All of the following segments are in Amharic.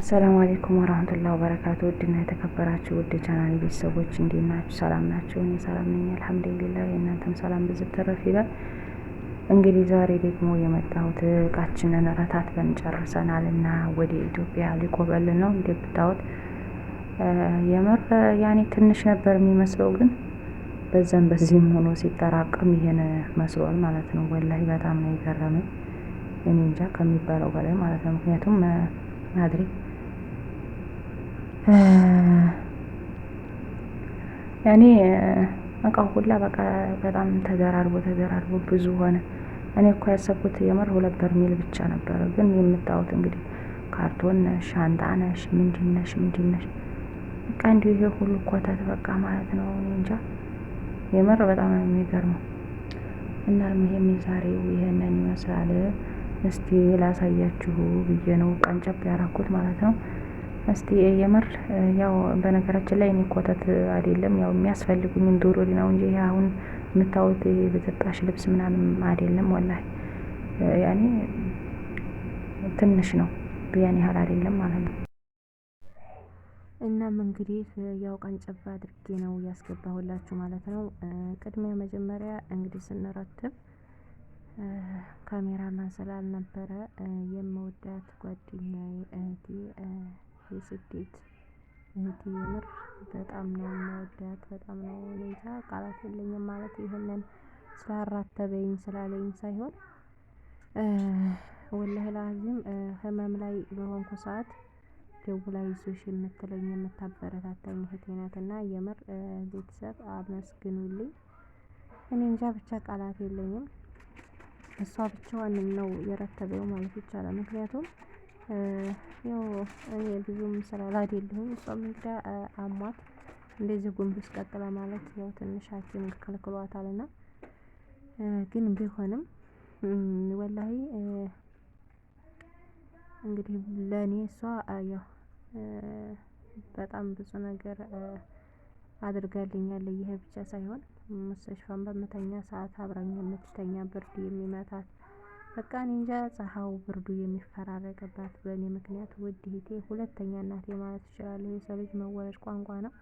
አሰላሙ አሌይኩም ወራህመቱላ ወበረካቱ። ውድና የተከበራችሁ ውድ ቻናል ቤተሰቦች እንዴት ናችሁ? ሰላም ናችሁ? እኔ ሰላም ነኝ አልሐምዱሊላ። የእናንተም ሰላም ብዙ ተረፍ ይበል። እንግዲህ ዛሬ ደግሞ የመጣሁት እቃችንን ረታትበን ጨርሰናል እና ወደ ኢትዮጵያ ሊቆበልን ነው። እንደምታዩት የምር ያኔ ትንሽ ነበር የሚመስለው፣ ግን በዛም በዚህም ሆኖ ሲጠራቅም ይሄን መስሏል ማለት ነው። ወላሂ በጣም ነው የገረመኝ። እኔ እንጃ ከሚባለው በላይ ማለት ነው። ምክንያቱም ማድሪድ እኔ እቃ ሁላ በቃ በጣም ተደራርቦ ተደራርቦ ብዙ ሆነ። እኔ እኮ ያሰብኩት የምር ሁለት በርሜል ብቻ ነበረ። ግን የምታዩት እንግዲህ ካርቶን ነሽ፣ ሻንጣ ነሽ፣ ምንድን ነሽ፣ ምንድን ነሽ በቃ እንዲሁ ይሄ ሁሉ ኮተት በቃ ማለት ነው። እንጃ የምር በጣም ነው የሚገርመው። እና ይሄም የዛሬው ይሄንን ይመስላል። እስቲ ላሳያችሁ ብዬ ነው ቀንጨብ ያራኩት ማለት ነው። እስቲ የምር ያው በነገራችን ላይ እኔ ኮተት አይደለም ያው የሚያስፈልጉኝ ዶሮሪ ነው እንጂ አሁን የምታዩት በተጣሽ ልብስ ምናምን አይደለም። ወላ ያኔ ትንሽ ነው ብያን ያህል አይደለም ማለት ነው። እናም እንግዲህ ያው ቀንጨባ አድርጌ ነው እያስገባሁላችሁ ማለት ነው። ቅድሚያ መጀመሪያ እንግዲህ ስንረትብ ካሜራማን ስላልነበረ የምወዳት ጓደኛዬ እህቴ የስደት እህቴ የምር በጣም ነው የምወዳት። በጣም ነው ሁኔታ ቃላት የለኝም። ማለት ይህንን ስላራተበኝ ስላለኝ ሳይሆን ወላህ ላዚም ህመም ላይ በሆንኩ ሰዓት ደውላ ይዞሽ የምትለኝ የምታበረታታኝ እህቴ ናት እና የምር ቤተሰብ አመስግኑልኝ። እኔ እንጃ ብቻ ቃላት የለኝም። እሷ ብቻዋንም ነው የረተበው ማለት ይቻላል። ምክንያቱም ያው እኔ ብዙም ስራ ላይ አይደለሁም። እሷም እንግዲህ አሟት እንደዚህ ጎንበስ ቀጥላ ማለት ያው ትንሽ ሐኪም ከልክሏታልና ግን ቢሆንም ወላሂ እንግዲህ ለእኔ እሷ ያው በጣም ብዙ ነገር አድርጋልኛል። ይሄ ብቻ ሳይሆን መስተሽፋን በምተኛ ሰዓት አብራኝ የምትተኛ ብርድ የሚመታት በቃ እንጃ ፀሐው ብርዱ የሚፈራረቅባት በእኔ ምክንያት ውድ ሂቴ ሁለተኛ እናቴ ማለት እችላለሁ። የሰው ልጅ መወለድ ቋንቋ ነው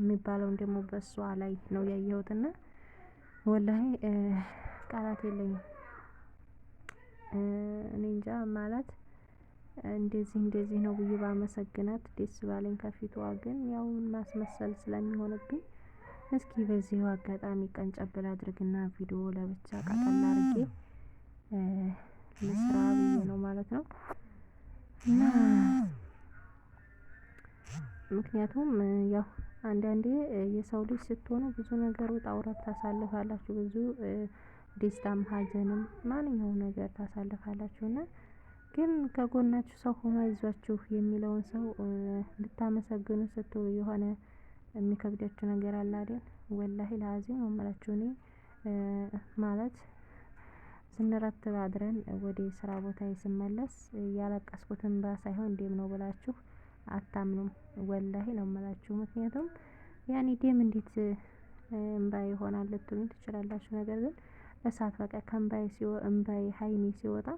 የሚባለውን ደግሞ በእሷ ላይ ነው ያየሁትና ወላሂ ቃላት የለኝም። እኔ እንጃ ማለት እንደዚህ እንደዚህ ነው ብዬ ባመሰግናት ደስ ባለኝ ከፊቷ ግን ያው ማስመሰል ስለሚሆንብኝ እስኪ በዚሁ አጋጣሚ ቀንጨብል አድርግና ቪዲዮ ለብቻ ቀጠል አድርጌ ልስራ ብዬ ነው ማለት ነው። ምክንያቱም ያው አንዳንዴ የሰው ልጅ ስትሆኑ ብዙ ነገር ውጣ ውረድ ታሳልፋላችሁ። ብዙ ደስታም ሐዘንም ማንኛውም ነገር ታሳልፋላችሁ እና ግን ከጎናችሁ ሰው ሆኖ ይዟችሁ የሚለውን ሰው እንድታመሰግኑ ስትሉ የሆነ የሚከብዳችሁ ነገር አለ አይደል? ወላሂ ለአዚም አመላችሁ እኔ ማለት ስንረትብ አድረን ወደ ስራ ቦታ ስመለስ ያለቀስኩት እንባ ሳይሆን ደም ነው ብላችሁ አታምኑም። ወላሂ ነው የምላችሁ። ምክንያቱም ያኔ ደም እንዴት እንባ ይሆናል ልትሉኝ ትችላላችሁ። ነገር ግን እሳት በቃ ከእንባይ እንባይ ሀይኔ ሲወጣ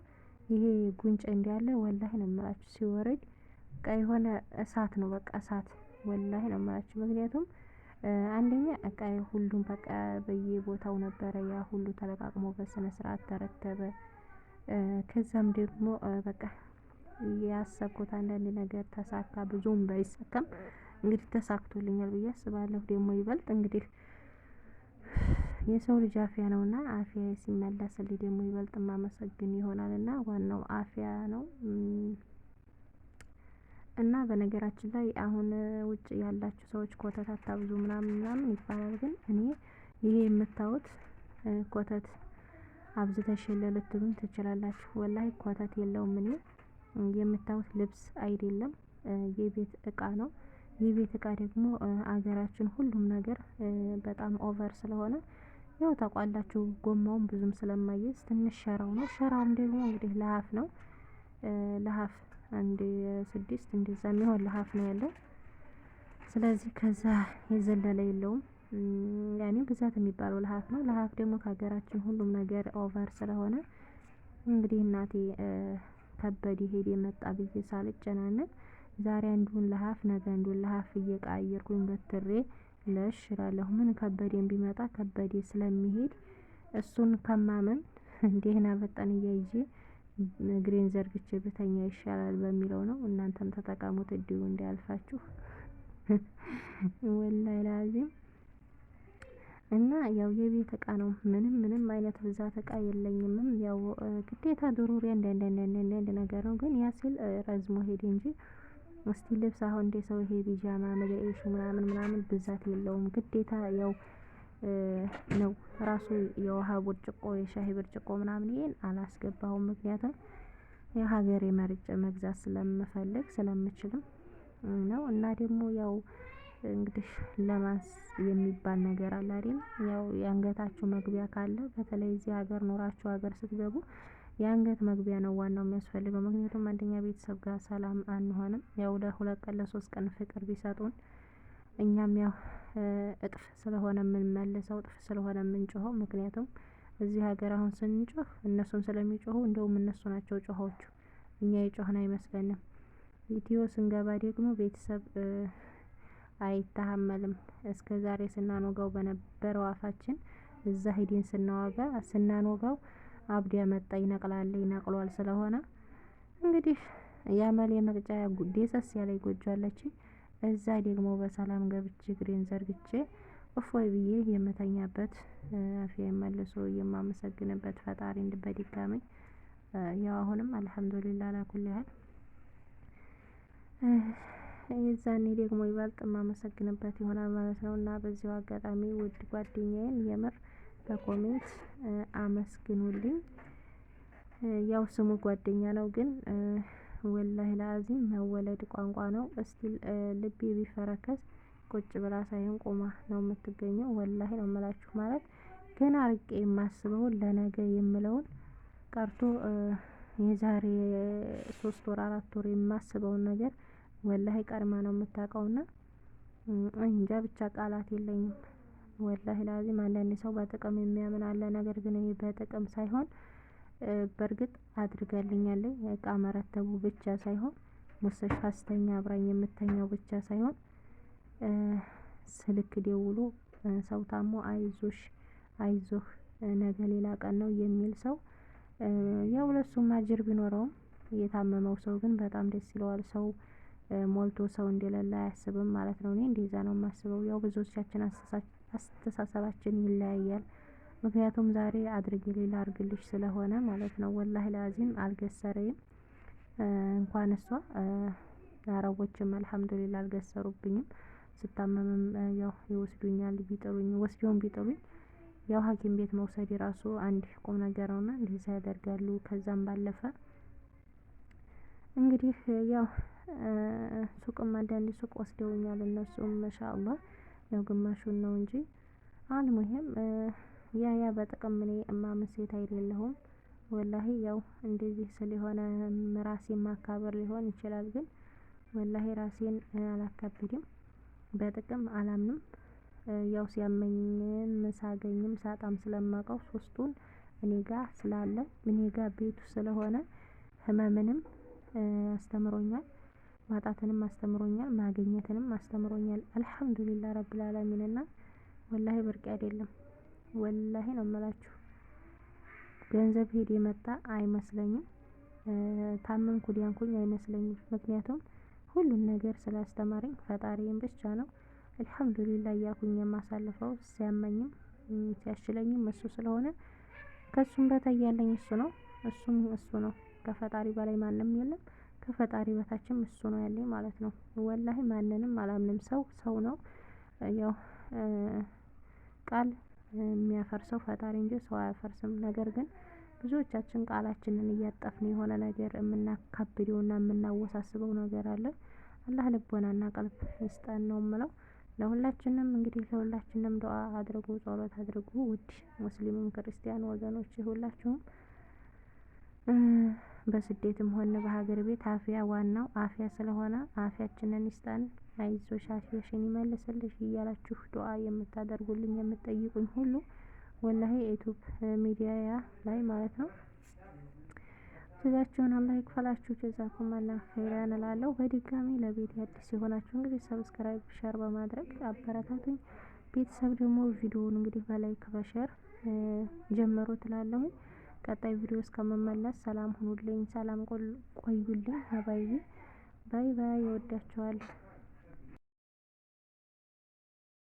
ይሄ ጉንጭ እንዲያለ ወላሂ ነው የምላችሁ ሲወረድ በቃ የሆነ እሳት ነው በቃ እሳት ወላሂ ነው የምላችሁ ምክንያቱም አንደኛ እቃ ሁሉም በቃ በየቦታው ነበረ። ያ ሁሉ ተለቃቅሞ በስነ ስርዓት ተረተበ። ከዛም ደግሞ በቃ ያሰብኩት አንዳንድ ነገር ተሳካ። ብዙም ባይሳካም እንግዲህ ተሳክቶልኛል ብዬ አስባለሁ። ደግሞ ይበልጥ እንግዲህ የሰው ልጅ አፍያ ነው እና አፍያ ሲመለስልኝ ደግሞ ይበልጥ ማመሰግን ይሆናል እና ዋናው አፍያ ነው። እና በነገራችን ላይ አሁን ውጭ ያላችሁ ሰዎች ኮተት አታብዙ ምናምን ምናምን ይባላል። ግን እኔ ይሄ የምታዩት ኮተት አብዝተሽ የለ ልትሉኝ ትችላላችሁ። ወላሂ ኮተት የለውም። እኔ የምታዩት ልብስ አይደለም የቤት እቃ ነው። የቤት እቃ ደግሞ አገራችን ሁሉም ነገር በጣም ኦቨር ስለሆነ ያው ታውቃላችሁ፣ ጎማውን ብዙም ስለማይዝ ትንሽ ሸራው ነው። ሸራውም ደግሞ እንግዲህ ለሀፍ ነው ለሀፍ አንድ ስድስት እንደዛ የሚሆን ለሀፍ ነው ያለው። ስለዚህ ከዛ የዘለለ የለውም። ያኔ ብዛት የሚባለው ለሀፍ ነው። ለሀፍ ደግሞ ከሀገራችን ሁሉም ነገር ኦቨር ስለሆነ እንግዲህ እናቴ ከበድ ይሄድ የመጣ ብዬ ሳልጨናነቅ ዛሬ አንዱን ለሀፍ ነገ አንዱን ለሀፍ እየቃየርኩኝ በትሬ ለሽ እላለሁ። ምን ከበዴን ቢመጣ ከበዴ ስለሚሄድ እሱን ከማመን እንዲህን አበጠን እያይዤ እግሬን ዘርግቼ ብተኛ ይሻላል በሚለው ነው። እናንተም ተጠቀሙት፣ እድሉ እንዳያልፋችሁ። ወላይ ላዚም እና ያው የቤት እቃ ነው። ምንም ምንም አይነት ብዛት እቃ የለኝምም። ያው ግዴታ ድሩሪ እንደንደንደንደንድ ነገር ነው። ግን ያ ሲል ረዝሞ ሄድ እንጂ እስቲ ልብስ አሁን እንደ ሰው ይሄ ቢጃማ ምናምን ምናምን ብዛት የለውም። ግዴታ ያው ነው ራሱ የውሃ ብርጭቆ የሻሂ ብርጭቆ ምናምን ይሄን አላስገባሁም። ምክንያቱም የሀገሬ መርጬ መግዛት ስለምፈልግ ስለምችልም ነው። እና ደግሞ ያው እንግዲህ ለማስ የሚባል ነገር አለ አይደል? ያው የአንገታችሁ መግቢያ ካለ በተለይ እዚህ ሀገር ኖራችሁ ሀገር ስትገቡ የአንገት መግቢያ ነው ዋናው የሚያስፈልገው። ምክንያቱም አንደኛ ቤተሰብ ጋር ሰላም አንሆንም። ያው ለሁለት ቀን ለሶስት ቀን ፍቅር ቢሰጡን እኛም ያው እጥፍ ስለሆነ የምንመልሰው እጥፍ ስለሆነ የምንጮኸው። ምክንያቱም እዚህ ሀገር አሁን ስንጮህ እነሱም ስለሚጮሁ እንደውም እነሱ ናቸው ጮሆቹ፣ እኛ የጮህን አይመስለንም። ኢትዮ ስንገባ ደግሞ ቤተሰብ አይታመልም። እስከ ዛሬ ስናኖጋው በነበረው አፋችን እዛ ሂዲን ስናዋጋ ስናኖጋው አብድ ያመጣ ይነቅላል ይነቅሏል። ስለሆነ እንግዲህ የአመሌ መቅጫ ደሰስ ያለ ይጎጇለች። እዛ ደግሞ በሰላም ገብቼ እግሬን ዘርግቼ እፎይ ብዬ የምተኛበት አፌ መልሶ የማመሰግንበት ፈጣሪ እንድበድጋሚ ያው አሁንም አልሐምዱሊላ አላኩል ያህል የዛኔ ደግሞ ይበልጥ የማመሰግንበት ይሆናል ማለት ነው። እና በዚሁ አጋጣሚ ውድ ጓደኛዬን የምር በኮሜንት አመስግኑልኝ። ያው ስሙ ጓደኛ ነው ግን ወላሂ ለአዚም መወለድ ቋንቋ ነው። እስቲ ልቤ ቢፈረከስ ቁጭ ብላ ሳይሆን ቆማ ነው የምትገኘው። ወላሂ ነው የምላችሁ ማለት ግን አርቄ የማስበውን ለነገ የምለውን ቀርቶ የዛሬ ሶስት ወር አራት ወር የማስበውን ነገር ወላሂ ቀድማ ነው የምታውቀውና እንጃ ብቻ ቃላት የለኝም። ወላሂ ለአዚም አንዳንድ ሰው በጥቅም የሚያምን አለ። ነገር ግን ይህ በጥቅም ሳይሆን በእርግጥ አድርጋልኛለች። እቃ መረተቡ ብቻ ሳይሆን ሙሰሽ ፋስተኛ አብራኝ የምተኛው ብቻ ሳይሆን ስልክ ደውሎ ሰው ታሞ አይዞሽ አይዞህ ነገ ሌላ ቀን ነው የሚል ሰው ያው ለሱም አጅር ቢኖረውም የታመመው ሰው ግን በጣም ደስ ይለዋል። ሰው ሞልቶ ሰው እንደሌለ አያስብም ማለት ነው። እኔ እንደዛ ነው የማስበው። ያው ብዙዎቻችን አስተሳሰባችን ይለያያል። ምክንያቱም ዛሬ አድርጌ ሌላ አርግልሽ ስለሆነ ማለት ነው። ወላሂ ላዚም አልገሰረይም። እንኳን እሷ አረቦችም አልሐምዱሊላ አልገሰሩብኝም። ስታመምም ያው ይወስዱኛል፣ ቢጥሩኝ ወስደውም ቢጥሩኝ ያው ሐኪም ቤት መውሰድ የራሱ አንድ ቁም ነገር ነውና እንደዛ ያደርጋሉ። ከዛም ባለፈ እንግዲህ ያው ሱቅም አንዳንድ ሱቅ ወስደውኛል እነሱም ማሻአላህ ያው ግማሹን ነው እንጂ አልሙሄም ያ ያ በጥቅም እኔ እማምን ሴት አይደለሁም። ወላሂ ያው እንደዚህ ስለሆነ ራሴን ማካበር ሊሆን ይችላል። ግን ወላሂ ራሴን አላካብድም፣ በጥቅም አላምንም። ያው ሲያመኝም ሳገኝም ሳጣም ስለማውቀው ሶስቱን እኔ ጋር ስላለ እኔ ቤቱ ስለሆነ ህመምንም አስተምሮኛል፣ ማጣትንም አስተምሮኛል፣ ማግኘትንም አስተምሮኛል። አልሐምዱሊላህ ረብል ዓለሚንና ወላሂ ብርቅ አይደለም። ወላሂ ነው የምላችሁ። ገንዘብ ሄድ የመጣ አይመስለኝም። ታመንኩ ዲያንኩኝ አይመስለኝም። ምክንያቱም ሁሉን ነገር ስላስተማረኝ ፈጣሪም ብቻ ነው አልሐምዱሊላ እያልኩኝ የማሳልፈው ሲያመኝም ሲያስችለኝም እሱ ስለሆነ ከሱም በታይ ያለኝ እሱ ነው። እሱም እሱ ነው። ከፈጣሪ በላይ ማንም የለም። ከፈጣሪ በታችም እሱ ነው ያለኝ ማለት ነው። ወላሂ ማንንም አላምንም። ሰው ሰው ነው። ያው ቃል የሚያፈርሰው ፈጣሪ እንጂ ሰው አያፈርስም። ነገር ግን ብዙዎቻችን ቃላችንን እያጠፍን የሆነ ነገር የምናካብደውና የምናወሳስበው ነገር አለ። አላህ ልቦናና ቀልብ ይስጠን ነው ምለው። ለሁላችንም እንግዲህ ለሁላችንም ዱአ አድርጉ፣ ጸሎት አድርጉ። ውድ ሙስሊሙም ክርስቲያን ወገኖች ሁላችሁም በስደትም ሆነ በሀገር ቤት አፍያ ዋናው አፍያ ስለሆነ አፍያችንን ይስጠን። አይዞሽ አፍያሽን ይመልስልሽ እያላችሁ ዱአ የምታደርጉልኝ የምትጠይቁኝ ሁሉ ወላሂ የዩቱብ ሚዲያ ላይ ማለት ነው ስጋችሁን አላህ ይክፈላችሁ። ጀዛኩም አላህ ኸይራን እላለሁ። በድጋሚ ለቤት አዲስ የሆናችሁ እንግዲህ ሰብስክራይብ፣ ሸር በማድረግ አበረታቱኝ። ቤተሰብ ደግሞ ቪዲዮውን እንግዲህ በላይክ በሸር ጀምሮ ትላለሁኝ። ቀጣይ ቪዲዮ እስከምመለስ ሰላም ሁኑልኝ፣ ሰላም ቆዩልኝ። ባይ ባይ። ባይ ባይ